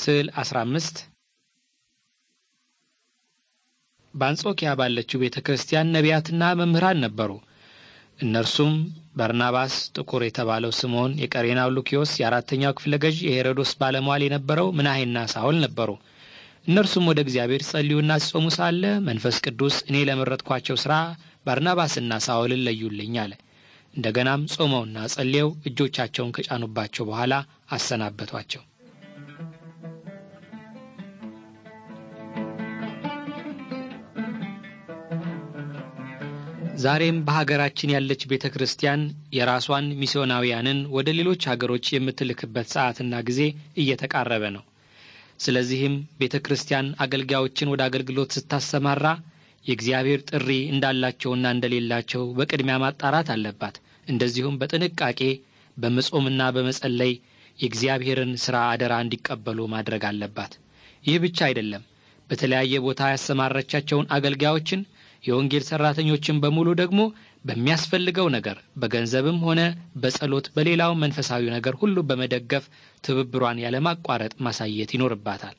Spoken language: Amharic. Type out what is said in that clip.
ስዕል 15 በአንጾኪያ ባለችው ቤተ ክርስቲያን ነቢያትና መምህራን ነበሩ። እነርሱም በርናባስ፣ ጥቁር የተባለው ስምዖን፣ የቀሬናው ሉኪዮስ፣ የአራተኛው ክፍለ ገዥ የሄሮዶስ ባለሟል የነበረው ምናሄና ሳውል ነበሩ። እነርሱም ወደ እግዚአብሔር ጸልዩና ሲጾሙ ሳለ መንፈስ ቅዱስ እኔ ለመረጥኳቸው ሥራ ባርናባስና ሳውልን ለዩልኝ አለ። እንደገናም ጾመውና ጸልየው እጆቻቸውን ከጫኑባቸው በኋላ አሰናበቷቸው። ዛሬም በሀገራችን ያለች ቤተ ክርስቲያን የራሷን ሚስዮናውያንን ወደ ሌሎች ሀገሮች የምትልክበት ሰዓትና ጊዜ እየተቃረበ ነው። ስለዚህም ቤተ ክርስቲያን አገልጋዮችን ወደ አገልግሎት ስታሰማራ የእግዚአብሔር ጥሪ እንዳላቸውና እንደሌላቸው በቅድሚያ ማጣራት አለባት። እንደዚሁም በጥንቃቄ በመጾምና በመጸለይ የእግዚአብሔርን ሥራ አደራ እንዲቀበሉ ማድረግ አለባት። ይህ ብቻ አይደለም። በተለያየ ቦታ ያሰማረቻቸውን አገልጋዮችን የወንጌል ሰራተኞችን በሙሉ ደግሞ በሚያስፈልገው ነገር በገንዘብም ሆነ በጸሎት በሌላው መንፈሳዊ ነገር ሁሉ በመደገፍ ትብብሯን ያለማቋረጥ ማሳየት ይኖርባታል።